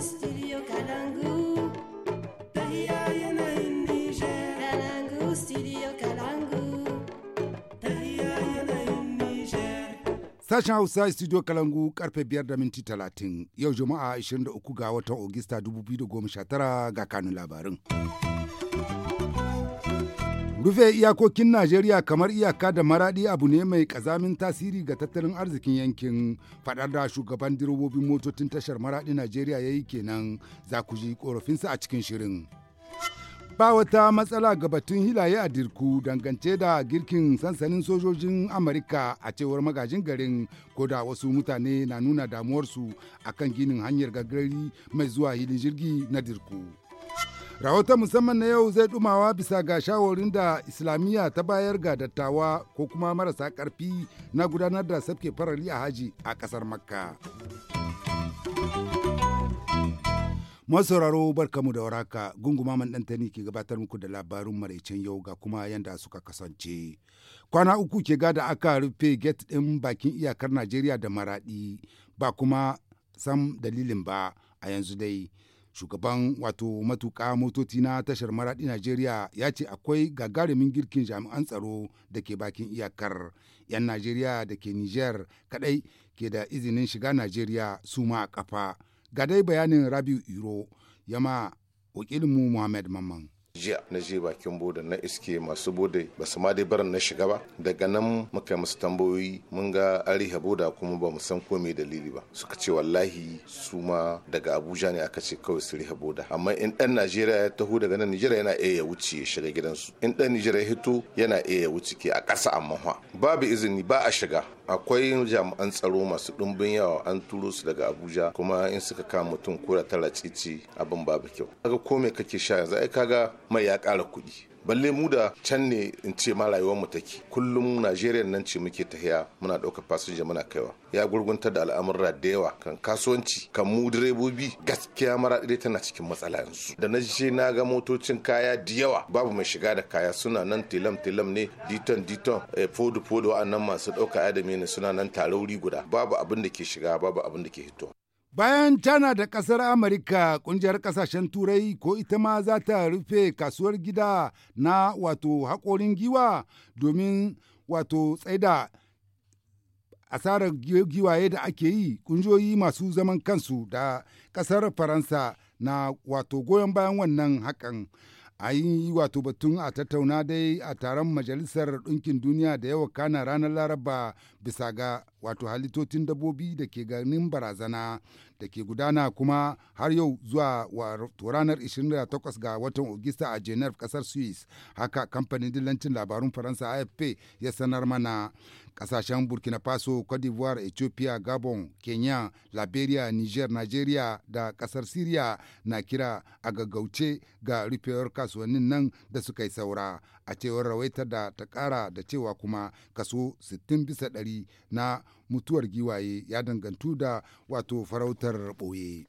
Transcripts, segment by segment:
studio sashen hausa studio kalangu karfe 5 da minti 30 yau juma'a 23 ga watan ogista 2019 ga kanun labarin rufe iyakokin najeriya kamar iyaka da maradi abu ne mai kazamin tasiri ga tattalin arzikin yankin fadar da shugaban direbobin motocin tashar maradi najeriya ya yi kenan za ku ji korafinsa a cikin shirin ba wata matsala ga batun hilaye a dirku dangance da girkin sansanin sojojin amurka a cewar magajin garin ko da wasu mutane na nuna damuwarsu akan ginin hanyar gagari mai zuwa hilin jirgi na dirku. Rahoton musamman na yau zai dumawa bisa ga shawarin da Islamiyya ta bayar ga dattawa ko kuma marasa karfi na gudanar da sabke farari a haji a kasar Makka. masauraro barkamu da waraka gunguma man ɗantani ke gabatar muku da labarun maraicen yau ga kuma yanda suka kasance kwana uku ke gada aka rufe gate ɗin bakin iyakar najeriya da maraɗi ba kuma sam dalilin ba a yanzu dai shugaban wato matuƙa motoci na tashar maraɗi najeriya ya ce akwai gagarumin girkin jami'an tsaro da ke bakin iyakar 'yan najeriya da ke niger kaɗai ke da izinin shiga najeriya su ma a ƙafa ga dai bayanin rabiu iro yama wakilinmu muhammad mamman jiya na je bakin boda na iske masu boda ba su ma dai barin na shiga ba daga nan muka musu tambayoyi mun ga an rihe boda kuma ba mu san ko me dalili ba suka ce wallahi su ma daga abuja ne aka ce kawai su rihe boda amma in dan najeriya ya taho daga nan nijira yana iya ya wuce ya shiga gidansu in dan nijira ya hito yana iya ya wuce ke a ƙasa amma babu izini ba a shiga akwai jami'an tsaro masu ɗumbin yawa an turo su daga abuja kuma in suka kama mutum kura tara abin babu kyau kaga ko me kake sha yanzu ai kaga mai ya ƙara kuɗi balle mu da can ne in ce ma rayuwar mu take kullum Najeriya nan ce muke tahiya muna ɗaukar fasinja muna kaiwa ya gurgunta da al'amurra da yawa kan kasuwanci kan mu direbobi gaskiya mara ɗaya tana cikin matsala yanzu da na je na ga motocin kaya da yawa babu mai shiga da kaya suna nan tilam tilam ne diton diton fodo eh, fodo wa'annan masu ɗauka adami ne suna nan tare guda babu abin da ke shiga babu abin da ke hito Bayan China da ƙasar Amurka ƙungiyar ƙasashen Turai ko ita ma za ta rufe kasuwar gida na wato haƙorin giwa domin wato tsaida asarar giwaye da ake yi ƙungiyoyi masu zaman kansu da ƙasar Faransa na wato goyon bayan wannan hakan. a yi wato batun a tattauna dai a taron majalisar ɗinkin duniya da yawa kana ranar laraba bisa ga wato halittocin dabbobi da ke ganin barazana da ke gudana kuma har yau zuwa ranar 28 ga watan Ogista a Geneva kasar Swiss haka kamfanin dillancin labarun Faransa AFP ya sanar mana kasashen Burkina Faso, Cote d'Ivoire, Ethiopia, Gabon, Kenya, Liberia, Niger, Nigeria da kasar Syria na kira a gaggauce ga rufewar kasuwannin nan da suka yi saura a cewar rawaitar da ta kara da cewa kuma kaso 60 bisa 100 na mutuwar giwaye ya dangantu da wato farautar ɓoye.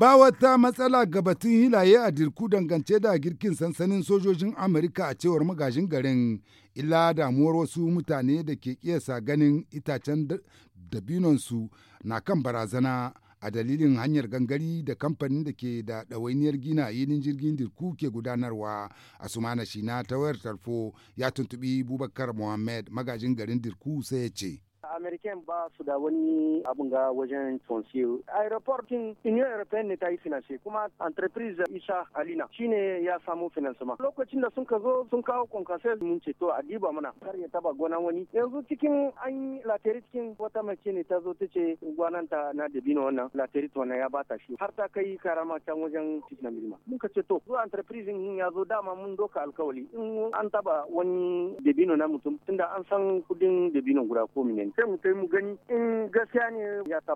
Ba wata matsala ga batun hilaye a dirku dangance da girkin sansanin sojojin Amurka a cewar magajin garin, illa damuwar wasu mutane da ke kiyasa ganin itacen dabinonsu na kan barazana a dalilin hanyar gangari da kamfanin da ke da ɗawainiyar gina yinin jirgin dirku ke gudanarwa a sumana shi ta wayar tarfo ya tuntubi bubakar mohammed magajin garin dirku sai ya ce american ba su da wani abun ga wajen tonsil Aeroportin union european ne ta yi finance kuma entreprise isa alina shine ya samu ma. lokacin da sun ka zo sun kawo konkasel mun ce to a diba mana kar ya taba gona wani yanzu cikin an yi lateri cikin wata mace ne ta zo ta ce gwananta na dabino wannan lateri wannan ya bata shi har ta kai karama can wajen cikin milima mun ka ce to zuwa entreprise ya zo dama mun doka alkawali in an taba wani dabino na mutum tunda an san kudin dabino guda ko minen sai mu gani in gaskiya ne ya da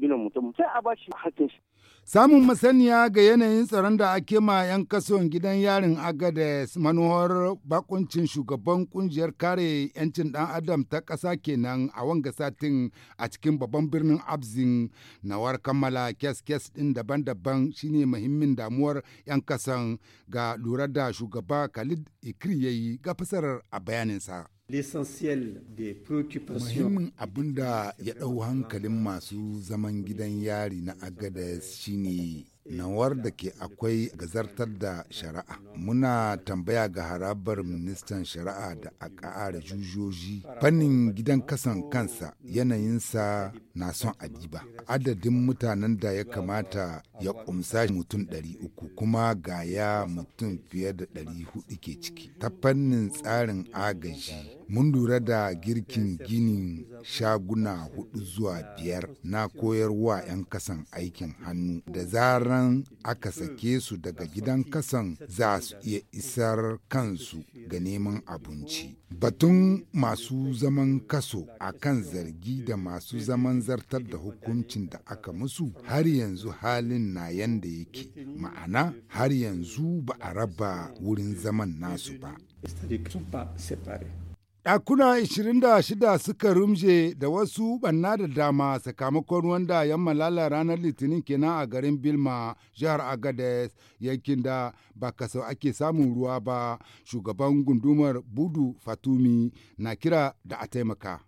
binan mutum sai a bashi hakkin shi. Samun masaniya ga yanayin tsaron da ake ma 'yan kasuwan gidan yarin Agades manuwar bakuncin shugaban kungiyar kare 'yancin dan adam ta kasa kenan a wanga satin a cikin babban birnin Abzin nawar kammala kes-kes ɗin daban-daban shine muhimmin damuwar 'yan kasan ga lura da shugaba Khalid Ikri yayi ga fasarar a bayaninsa. Muhimmin abin da ya ɗau hankalin masu zaman gidan yari na agada shine nawar da ke akwai gazartar da shari'a muna tambaya ga harabar ministan shari'a da a ƙara jujoji fannin gidan kasan kansa yanayinsa na son adiba adadin mutanen da ya kamata ya kumsa mutum ɗari uku, kuma gaya mutum fiye da ɗari 400 ke ciki ta fannin tsarin agaji mun lura da girkin ginin shaguna hudu zuwa biyar na koyarwa 'yan kasan aikin hannu da zaran aka sake su daga gidan kasan za su iya isar kansu ga neman abinci batun masu zaman kaso a kan zargi da masu zaman zartar da hukuncin da aka musu har yanzu halin na yanda yake ma'ana har yanzu ba a raba wurin zaman nasu ba. Ɗakuna 26 suka rumje da wasu ɓanna da dama sakamakon wanda ya malala ranar Litinin kenan a garin Bilma, jihar Agades, yankin da ba kasau ake samun ruwa ba, shugaban gundumar Budu Fatumi na kira da a taimaka.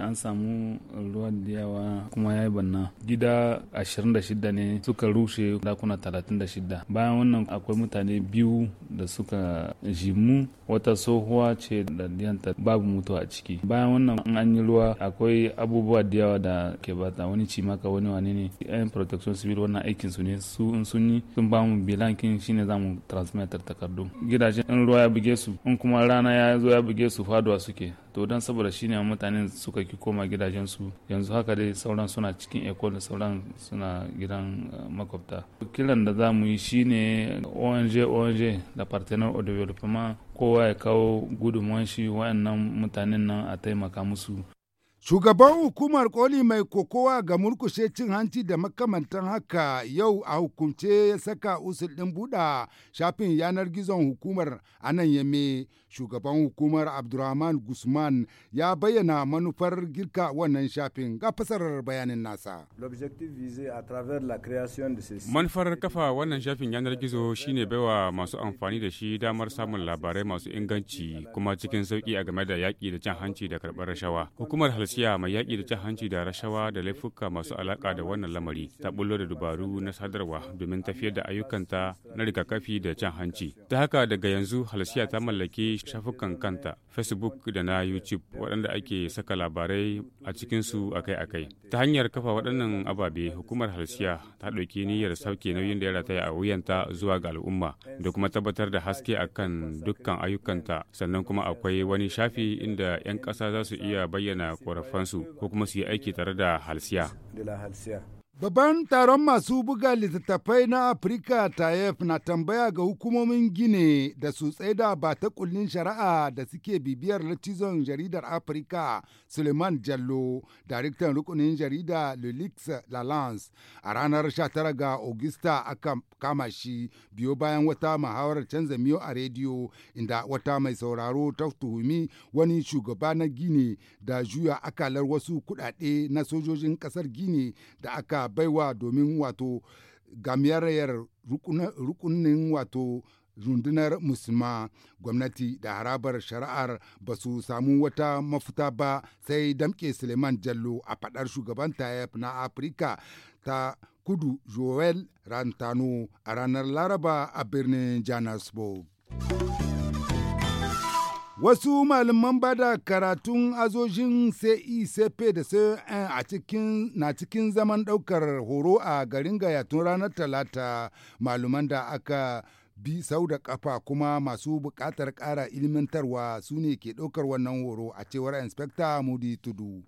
an samu ruwa da yawa kuma ya yi banna gida 26 ne suka rushe dakuna 36 bayan wannan akwai mutane biyu da suka jimu wata tsohuwa ce da diyanta babu mutu a ciki bayan wannan an yi ruwa akwai abubuwa da yawa da ke bata wani cimaka wani wani ne yan protection civil wannan aikin su ne su in sun yi sun ba mu bilankin shine za mu transmitter takardu gidajen in ruwa ya buge su in kuma rana ya zo ya buge su faduwa suke to don saboda shine mutanen suka ki koma gidajensu yanzu haka dai sauran suna cikin eko da sauran suna gidan eh, makwabta kiran da za mu yi shine ong ong da partner of development kowa ya kawo gudunmuwan shi wayannan mutanen nan a taimaka musu Shugaban hukumar koli mai kokowa ga murkushe cin hanci da makamantan haka yau a hukumce ya saka usul ɗin buɗa shafin yanar gizon hukumar anan yame. Shugaban hukumar Abdurrahman Guzman ya bayyana manufar girka wannan shafin ga fasarar bayanin nasa. Manufar kafa wannan shafin yanar gizo shine baiwa masu amfani da shi damar samun labarai masu inganci kuma cikin sauƙi a game da yaƙi da cin hanci da karɓar rashawa. Hukumar asiya mai yaƙi da can hanci da rashawa da laifuka masu alaƙa da wannan lamari ta bullo da dubaru na sadarwa domin tafiyar da ayyukanta na rigakafi da jan hanci ta haka daga yanzu halsiya ta mallaki shafukan kanta facebook da na youtube waɗanda ake saka labarai a cikinsu akai-akai ta hanyar kafa waɗannan ababe hukumar halsiya ta ɗauki niyyar sauke nauyin da ya rataya a wuyanta zuwa ga al'umma da kuma tabbatar da haske akan dukkan ayyukanta sannan kuma akwai wani shafi inda 'yan ƙasa za su iya bayyana ƙorafi sarrafansu ko kuma su yi aiki tare da halsiya. Babban taron masu buga littattafai na Afirka TAEF na tambaya ga hukumomin Gine da su tsaida ba ta kullin shari'a da suke bibiyar latizon jaridar Afirka Suleiman Jallo, daraktan rukunin jarida Lulix Lalance a ranar 19 ga Augusta aka kama shi biyo bayan wata muhawarar canza miyo a rediyo inda wata mai sauraro ta tuhumi wani shugaba na Gine da juya akalar wasu kudade na sojojin kasar Gine da aka baiwa domin wato gamiyarayar rukunin wato rundunar musulma gwamnati da harabar shari'ar ba su samu wata mafuta ba sai damke suleiman jallo a fadar shugaban tayef na afirka ta kudu joel rantano a ranar laraba a birnin johannesburg Wasu malaman ba da karatun azojin CICP e da CN a cikin na cikin zaman ɗaukar horo a garin gayatun ranar talata malaman da aka bi sau da kafa kuma masu buƙatar ƙara ilmantarwa su ne ke ɗaukar wannan horo a cewar inspector Mudi Tudu.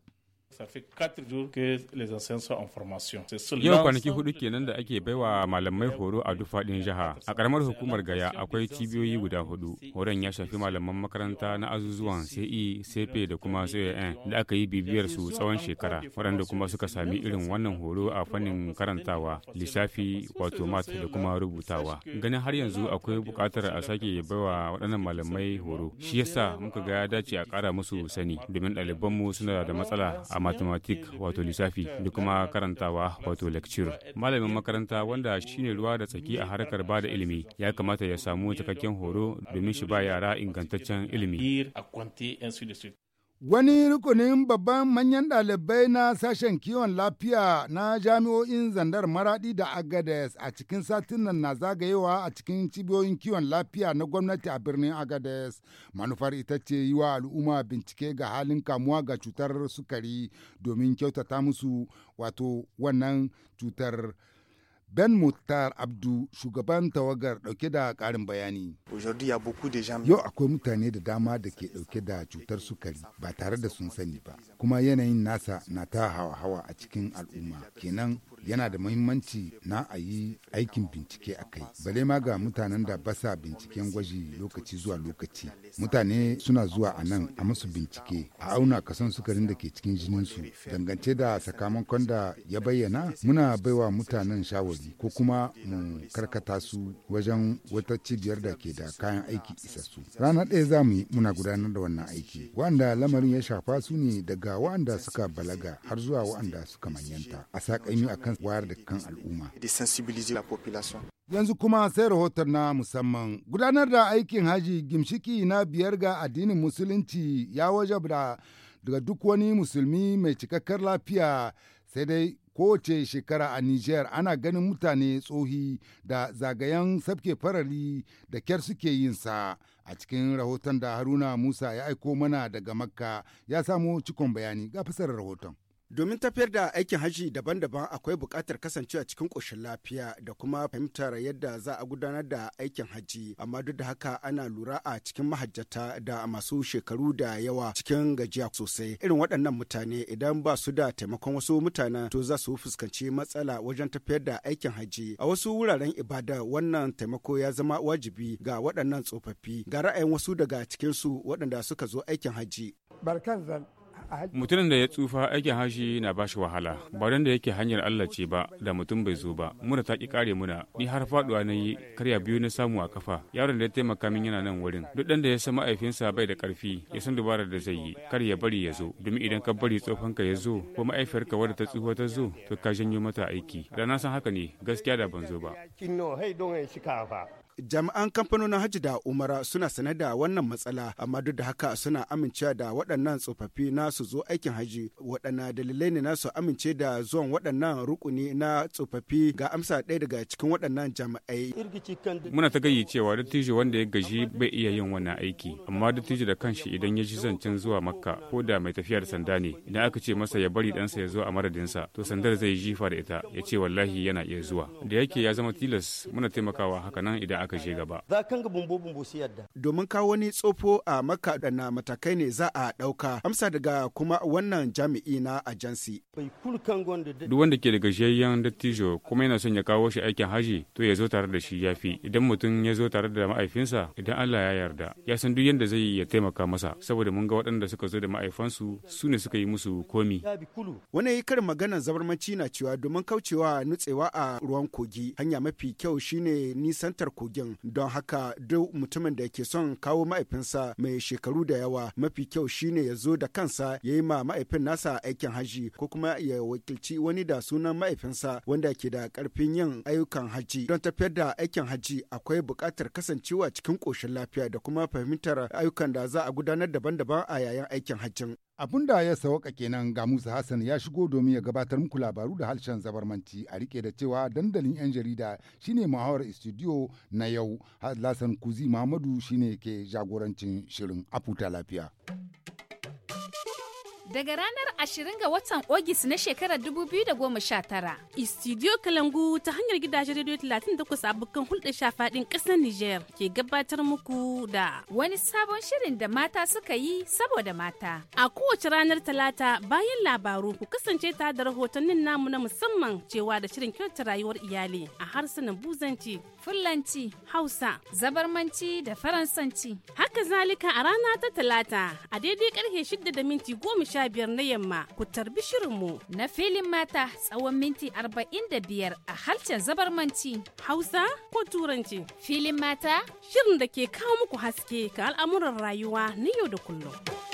Yau kwanaki hudu kenan da ake baiwa malamai horo a duk faɗin jiha. A ƙaramar hukumar Gaya akwai cibiyoyi guda hudu. Horon ya shafi malaman makaranta na azuzuwan CE, CP da kuma CAN e da aka yi bibiyar su tsawon shekara, waɗanda kuma suka sami irin wannan horo a fannin karantawa, lissafi, wato mat da kuma rubutawa. Ganin har yanzu akwai buƙatar a sake baiwa waɗannan malamai horo. Shi yasa muka ga ya dace a ƙara musu sani domin ɗalibanmu suna da matsala a mathematics wato lissafi da kuma karantawa wato lecture malamin makaranta wanda shine ruwa da tsaki a harkar bada ilimi ya kamata ya samu cikakken horo domin shi ba yara ingantaccen ilimi Wani rukunin babban manyan ɗalibai na sashen kiwon lafiya na jami'o'in zandar maraɗi da Agades a cikin satin nan na zagayewa a cikin cibiyoyin kiwon lafiya na gwamnati a birnin Agades. Manufar ita ce yi wa al'umma bincike ga halin kamuwa ga cutar sukari domin kyautata musu wato wannan cutar. Ben Mutar Abdu shugaban tawagar dauke da karin bayani. Yau akwai mutane da dama da ke dauke da cutar sukari ba tare da sun sani ba, kuma yanayin nasa na ta hawa-hawa a cikin al'umma. Kenan yana da muhimmanci na a yi aikin bincike a kai bale ma ga mutanen da basa binciken gwaji lokaci zuwa lokaci mutane suna zuwa a nan a musu bincike a auna kasan sukarin da ke cikin jininsu dangance da sakamakon da ya bayyana muna baiwa mutanen shawari ko kuma mu karkata su wajen wata cibiyar da ke da kayan aiki isassu rana ɗaya za mu yi muna gudanar da wannan aiki wanda lamarin ya shafa su ne daga wanda suka balaga har zuwa wanda suka manyanta a saƙaimi akan kan wayar da kan al'umma. Yanzu kuma sai rahoton na musamman gudanar da aikin haji gimshiki na biyar ga addinin musulunci ya wajabda daga duk wani musulmi mai cikakkar lafiya sai dai kowace shekara a Nijar ana ganin mutane tsohi da zagayen sabke farari da kyar suke yin sa a cikin rahoton da Haruna Musa ya aiko mana daga Makka ya samu cikon bayani ga fasar rahoton. Domin tafiyar da aikin hajji daban-daban akwai buƙatar kasancewa cikin ƙoshin lafiya da kuma fahimtar yadda za a gudanar da aikin hajji, amma duk da haka ana lura a cikin mahajjata da masu shekaru da yawa cikin gajiya sosai. Irin waɗannan mutane idan ba su da taimakon wasu mutane to za su fuskanci matsala wajen tafiyar da aikin hajji. A wasu wuraren ibada wannan taimako ya zama wajibi ga waɗannan tsofaffi ga ra'ayin wasu daga cikinsu waɗanda suka zo aikin hajji. Barkan zan mutumin da ya tsufa aikin hashi na ba shi wahala ba da yake hanyar Allah ce ba da mutum bai zo ba mura ta ki kare muna ni har faduwa na yi karya biyu na samu a kafa yaron da ya taimaka min yana nan wurin duk dan da ya san ma'aifinsa bai da karfi ya san dubarar da zai yi kar ya bari ya zo domin idan ka bari tsofanka ya zo ko ma'aifiyarka wadda ta tsufa ta zo to ka janyo mata aiki da na san haka ne gaskiya da ban zo ba Jami'an kamfanonin Hajji da Umara suna sanar da wannan matsala amma duk da haka suna amincewa da waɗannan tsofaffi na su zo aikin hajji waɗanna dalilai ne na su amince da zuwan waɗannan rukuni na tsofaffi ga amsa ɗaya daga cikin waɗannan jami'ai. Muna ta gayyi cewa dattijo wanda ya gaji bai iya yin wannan aiki amma dattijo da kanshi idan ya ji zancen zuwa Makka ko da mai tafiya da sanda ne idan aka ce masa ya bari ɗansa ya zo a madadinsa to sandar zai jifa da ita ya ce wallahi yana iya zuwa da yake ya zama tilas muna taimakawa haka nan idan aka je gaba. Za kan ga yadda. Domin kawo wani tsofo a maka da na matakai ne za a ɗauka. Amsa daga kuma wannan jami'i na ajansi. Duk wanda ke da gajiyayyen dattijo kuma yana son ya kawo shi aikin haji to ya zo tare da shi ya fi. Idan mutum ya zo tare da ma'aifinsa idan Allah ya yarda ya san duk yadda zai ya taimaka masa saboda mun ga waɗanda suka zo da ma'aifansu su ne suka yi musu komi. wani yi karin maganar zabarmanci na cewa domin kaucewa nutsewa a ruwan kogi hanya mafi kyau shine nisantar kogi kogin don haka duk mutumin da ke son kawo ma'aifinsa mai shekaru da yawa mafi kyau shine ya zo da kansa ya yi ma ma'aifin nasa aikin haji ko kuma ya wakilci wani da sunan ma'aifinsa wanda ke da karfin yin ayyukan haji don tafiyar da aikin haji akwai buƙatar kasancewa cikin ƙoshin lafiya da kuma fahimtar ayyukan da za a gudanar daban-daban a yayin aikin hajjin. Abun da ya sauka kenan ga Musa Hassan ya shigo domin ya gabatar muku labaru da harshen zabarmanci a rike da cewa dandalin 'yan jarida shine muhawar studio na yau Hassan Kuzi Muhammadu shine ke jagorancin shirin afuta lafiya. Daga ranar 20 ga watan Ogis na shekarar 2019, Istidiyo Kalangu ta hanyar gidajen rediyo 38 abokan hulɗa shafaɗin ƙasar Nijar ke gabatar muku da wani sabon shirin da mata suka yi saboda mata. A kowace ranar Talata bayan labaru ku kasance ta da rahotannin namu na musamman cewa da shirin kyautar rayuwar iyali a harsunan buzanci Fulanci, Hausa, Zabarmanci da Faransanci. Haka zalika a rana ta Talata a daidai karfe shida da minti goma sha biyar na yamma ku tarbi shirinmu na filin mata tsawon minti arba'in da biyar a halcin Zabarmanci, Hausa ko Turanci. Filin mata shirin da ke kawo muku haske ga al'amuran rayuwa na yau da kullum.